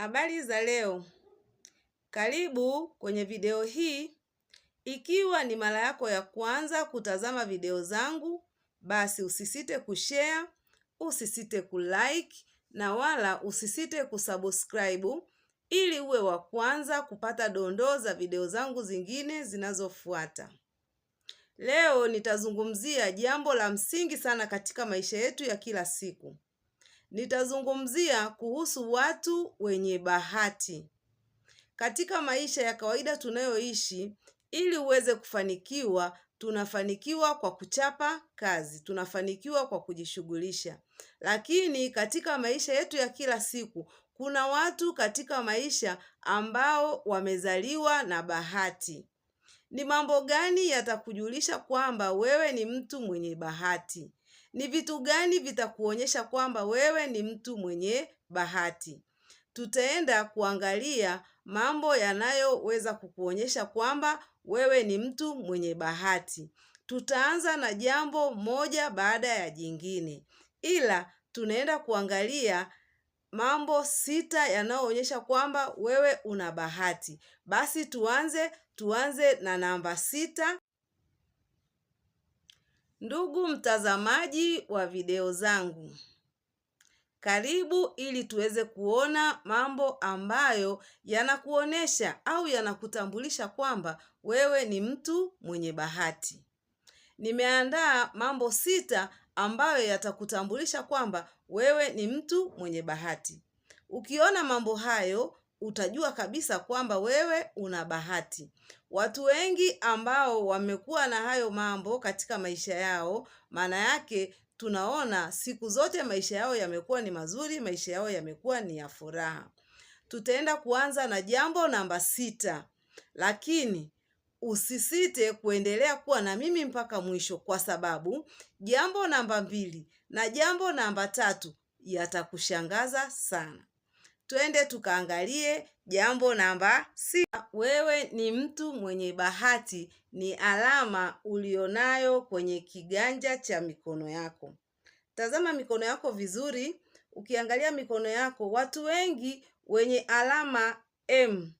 Habari za leo, karibu kwenye video hii. Ikiwa ni mara yako ya kwanza kutazama video zangu, basi usisite kushare, usisite kulike na wala usisite kusubscribe ili uwe wa kwanza kupata dondoo za video zangu zingine zinazofuata. Leo nitazungumzia jambo la msingi sana katika maisha yetu ya kila siku nitazungumzia kuhusu watu wenye bahati. Katika maisha ya kawaida tunayoishi, ili uweze kufanikiwa, tunafanikiwa kwa kuchapa kazi, tunafanikiwa kwa kujishughulisha. Lakini katika maisha yetu ya kila siku, kuna watu katika maisha ambao wamezaliwa na bahati. Ni mambo gani yatakujulisha kwamba wewe ni mtu mwenye bahati? Ni vitu gani vitakuonyesha kwamba wewe ni mtu mwenye bahati? Tutaenda kuangalia mambo yanayoweza kukuonyesha kwamba wewe ni mtu mwenye bahati. Tutaanza na jambo moja baada ya jingine, ila tunaenda kuangalia mambo sita yanayoonyesha kwamba wewe una bahati. Basi tuanze, tuanze na namba sita. Ndugu mtazamaji wa video zangu, karibu ili tuweze kuona mambo ambayo yanakuonesha au yanakutambulisha kwamba wewe ni mtu mwenye bahati. Nimeandaa mambo sita ambayo yatakutambulisha kwamba wewe ni mtu mwenye bahati. Ukiona mambo hayo utajua kabisa kwamba wewe una bahati. Watu wengi ambao wamekuwa na hayo mambo katika maisha yao, maana yake tunaona siku zote maisha yao yamekuwa ni mazuri, maisha yao yamekuwa ni ya furaha. Tutaenda kuanza na jambo namba sita, lakini usisite kuendelea kuwa na mimi mpaka mwisho, kwa sababu jambo namba mbili na jambo namba tatu yatakushangaza sana. Twende tukaangalie jambo namba si Wewe ni mtu mwenye bahati, ni alama ulionayo kwenye kiganja cha mikono yako. Tazama mikono yako vizuri. Ukiangalia mikono yako, watu wengi wenye alama M,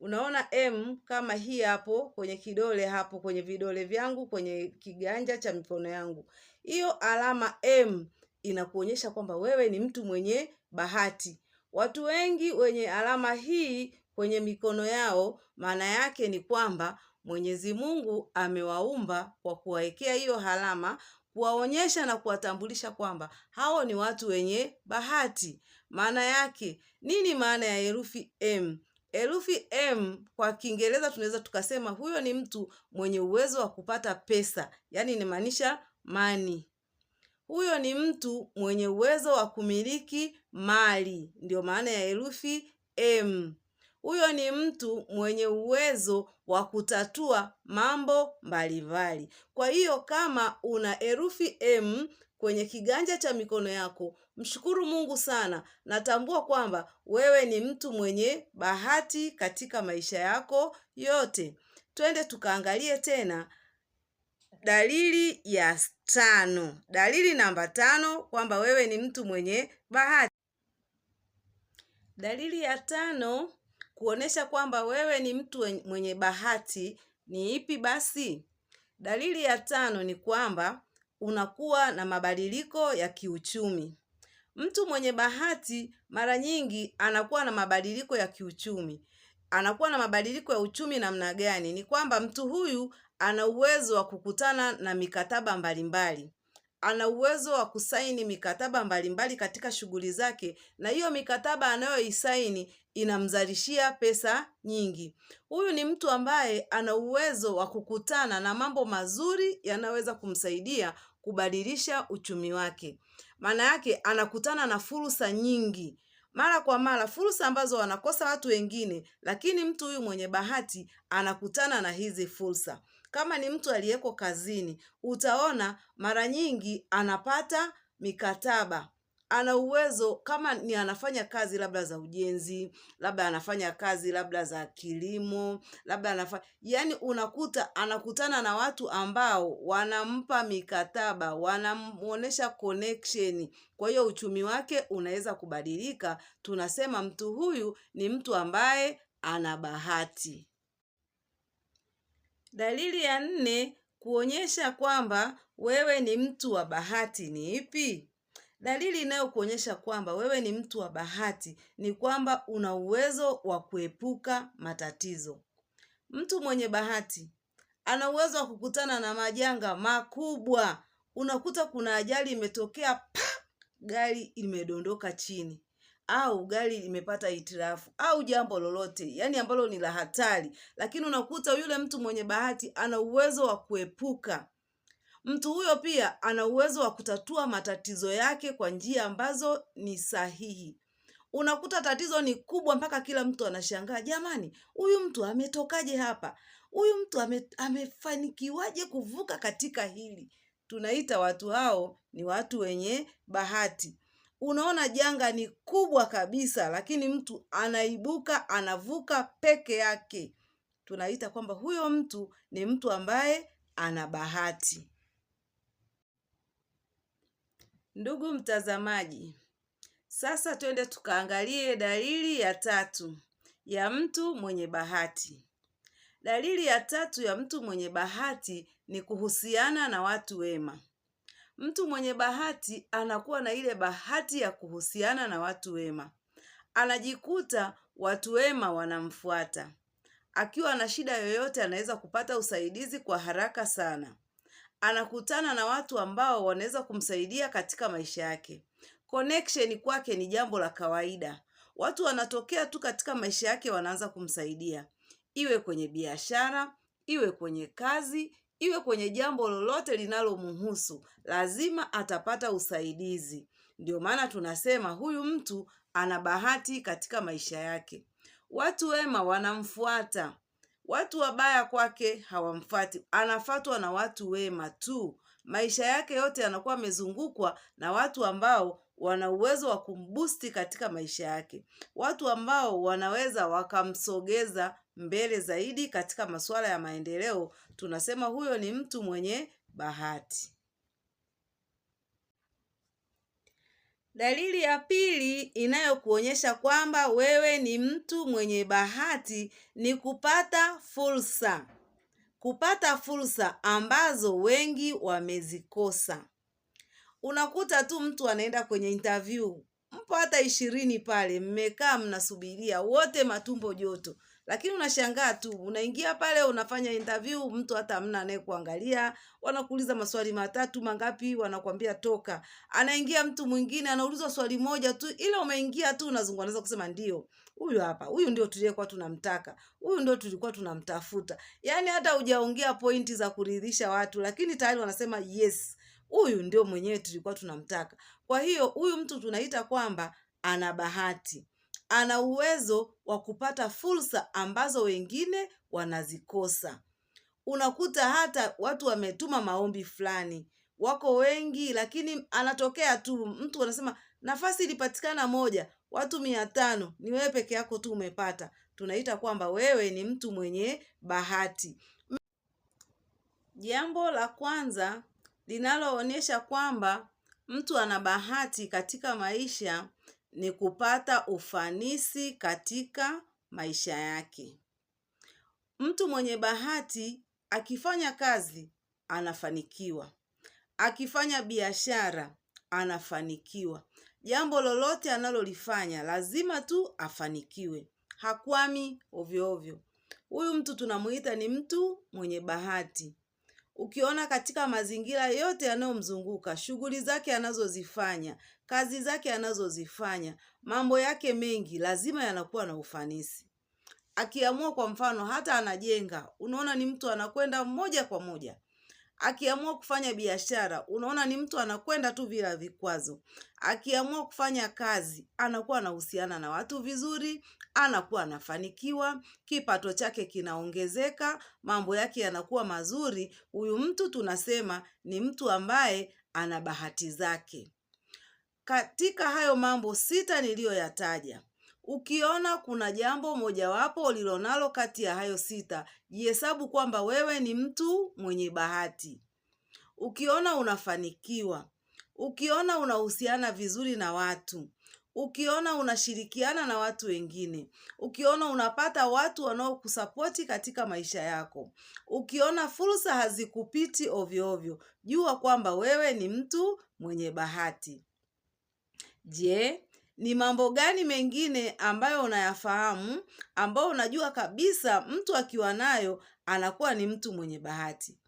unaona M kama hii hapo kwenye kidole hapo kwenye vidole vyangu kwenye kiganja cha mikono yangu, hiyo alama M inakuonyesha kwamba wewe ni mtu mwenye bahati. Watu wengi wenye alama hii kwenye mikono yao, maana yake ni kwamba Mwenyezi Mungu amewaumba kwa kuwawekea hiyo alama, kuwaonyesha na kuwatambulisha kwamba hao ni watu wenye bahati. Maana yake nini? Maana ya herufi M Herufi M kwa Kiingereza tunaweza tukasema huyo ni mtu mwenye uwezo wa kupata pesa, yaani inamaanisha mani. Huyo ni mtu mwenye uwezo wa kumiliki mali, ndio maana ya herufi M. Huyo ni mtu mwenye uwezo wa kutatua mambo mbalimbali. Kwa hiyo kama una herufi M kwenye kiganja cha mikono yako, mshukuru Mungu sana, natambua kwamba wewe ni mtu mwenye bahati katika maisha yako yote. Twende tukaangalie tena dalili ya tano, dalili namba tano, kwamba wewe ni mtu mwenye bahati. Dalili ya tano kuonesha kwamba wewe ni mtu mwenye bahati ni ipi basi? Dalili ya tano ni kwamba unakuwa na mabadiliko ya kiuchumi. Mtu mwenye bahati mara nyingi anakuwa na mabadiliko ya kiuchumi. Anakuwa na mabadiliko ya uchumi namna gani? Ni kwamba mtu huyu ana uwezo wa kukutana na mikataba mbalimbali, ana uwezo wa kusaini mikataba mbalimbali katika shughuli zake, na hiyo mikataba anayoisaini inamzalishia pesa nyingi. Huyu ni mtu ambaye ana uwezo wa kukutana na mambo mazuri yanayoweza kumsaidia kubadilisha uchumi wake. Maana yake anakutana na fursa nyingi mara kwa mara, fursa ambazo wanakosa watu wengine, lakini mtu huyu mwenye bahati anakutana na hizi fursa. Kama ni mtu aliyeko kazini, utaona mara nyingi anapata mikataba ana uwezo kama ni anafanya kazi labda za ujenzi, labda anafanya kazi labda za kilimo, labda anafanya yani, unakuta anakutana na watu ambao wanampa mikataba, wanamuonesha connection. Kwa hiyo uchumi wake unaweza kubadilika. Tunasema mtu huyu ni mtu ambaye ana bahati. Dalili ya nne kuonyesha kwamba wewe ni mtu wa bahati ni ipi? Dalili inayokuonyesha kwamba wewe ni mtu wa bahati ni kwamba una uwezo wa kuepuka matatizo. Mtu mwenye bahati ana uwezo wa kukutana na majanga makubwa. Unakuta kuna ajali imetokea, pa gari imedondoka chini, au gari limepata hitilafu au jambo lolote yani ambalo ni la hatari, lakini unakuta yule mtu mwenye bahati ana uwezo wa kuepuka. Mtu huyo pia ana uwezo wa kutatua matatizo yake kwa njia ambazo ni sahihi. Unakuta tatizo ni kubwa mpaka kila mtu anashangaa, jamani, huyu mtu ametokaje hapa? Huyu mtu ame, amefanikiwaje kuvuka katika hili? Tunaita watu hao ni watu wenye bahati unaona janga ni kubwa kabisa, lakini mtu anaibuka anavuka peke yake, tunaita kwamba huyo mtu ni mtu ambaye ana bahati. Ndugu mtazamaji, sasa twende tukaangalie dalili ya tatu ya mtu mwenye bahati. Dalili ya tatu ya mtu mwenye bahati ni kuhusiana na watu wema. Mtu mwenye bahati anakuwa na ile bahati ya kuhusiana na watu wema, anajikuta watu wema wanamfuata. Akiwa na shida yoyote, anaweza kupata usaidizi kwa haraka sana. Anakutana na watu ambao wanaweza kumsaidia katika maisha yake. Connection kwake ni jambo la kawaida. Watu wanatokea tu katika maisha yake, wanaanza kumsaidia, iwe kwenye biashara, iwe kwenye kazi, iwe kwenye jambo lolote linalomhusu, lazima atapata usaidizi. Ndio maana tunasema huyu mtu ana bahati katika maisha yake. Watu wema wanamfuata, watu wabaya kwake hawamfuati. Anafatwa na watu wema tu. Maisha yake yote yanakuwa amezungukwa na watu ambao wana uwezo wa kumbusti katika maisha yake, watu ambao wanaweza wakamsogeza mbele zaidi katika masuala ya maendeleo, tunasema huyo ni mtu mwenye bahati. Dalili ya pili inayokuonyesha kwamba wewe ni mtu mwenye bahati ni kupata fursa, kupata fursa ambazo wengi wamezikosa. Unakuta tu mtu anaenda kwenye interview, mpo hata ishirini pale, mmekaa mnasubiria wote matumbo joto, lakini unashangaa tu, unaingia pale unafanya interview, mtu hata amna anayekuangalia, wanakuuliza maswali matatu mangapi, wanakwambia toka. Anaingia mtu mwingine anaulizwa swali moja tu, ila umeingia tu unazungua, unaweza kusema ndio huyu hapa, huyu ndio tuliyekuwa tunamtaka, huyu ndio tulikuwa tunamtafuta. Yani hata hujaongea pointi za kuridhisha watu, lakini tayari wanasema yes, huyu ndio mwenyewe tulikuwa tunamtaka. Kwa hiyo huyu mtu tunaita kwamba ana bahati ana uwezo wa kupata fursa ambazo wengine wanazikosa. Unakuta hata watu wametuma maombi fulani, wako wengi, lakini anatokea tu mtu anasema nafasi ilipatikana moja, watu mia tano, ni wewe peke yako tu umepata. Tunaita kwamba wewe ni mtu mwenye bahati. Jambo la kwanza linaloonyesha kwamba mtu ana bahati katika maisha ni kupata ufanisi katika maisha yake. Mtu mwenye bahati akifanya kazi anafanikiwa, akifanya biashara anafanikiwa. Jambo lolote analolifanya lazima tu afanikiwe, hakwami ovyo ovyo. Huyu mtu tunamuita ni mtu mwenye bahati ukiona katika mazingira yote yanayomzunguka, shughuli zake anazozifanya, kazi zake anazozifanya, mambo yake mengi lazima yanakuwa na ufanisi. Akiamua kwa mfano hata anajenga, unaona ni mtu anakwenda moja kwa moja Akiamua kufanya biashara, unaona ni mtu anakwenda tu bila vikwazo. Akiamua kufanya kazi, anakuwa anahusiana na watu vizuri, anakuwa anafanikiwa, kipato chake kinaongezeka, mambo yake yanakuwa mazuri. Huyu mtu tunasema ni mtu ambaye ana bahati zake. Katika hayo mambo sita niliyoyataja, Ukiona kuna jambo mojawapo ulilonalo kati ya hayo sita, jihesabu kwamba wewe ni mtu mwenye bahati. Ukiona unafanikiwa, ukiona unahusiana vizuri na watu, ukiona unashirikiana na watu wengine, ukiona unapata watu wanaokusapoti katika maisha yako, ukiona fursa hazikupiti ovyo ovyo, jua kwamba wewe ni mtu mwenye bahati. Je, ni mambo gani mengine ambayo unayafahamu ambayo unajua kabisa mtu akiwa nayo anakuwa ni mtu mwenye bahati?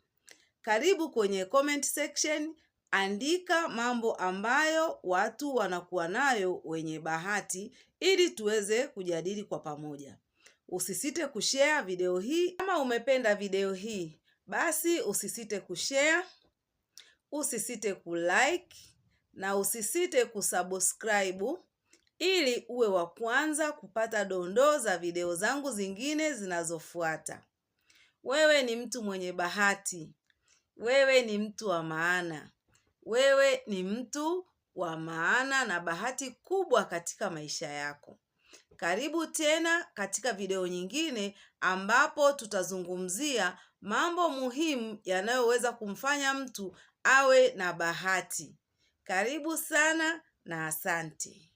Karibu kwenye comment section, andika mambo ambayo watu wanakuwa nayo wenye bahati, ili tuweze kujadili kwa pamoja. Usisite kushare video hii. Kama umependa video hii, basi usisite kushare, usisite kulike na usisite kusubscribe ili uwe wa kwanza kupata dondoo za video zangu zingine zinazofuata. Wewe ni mtu mwenye bahati. Wewe ni mtu wa maana. Wewe ni mtu wa maana na bahati kubwa katika maisha yako. Karibu tena katika video nyingine ambapo tutazungumzia mambo muhimu yanayoweza kumfanya mtu awe na bahati. Karibu sana na asante.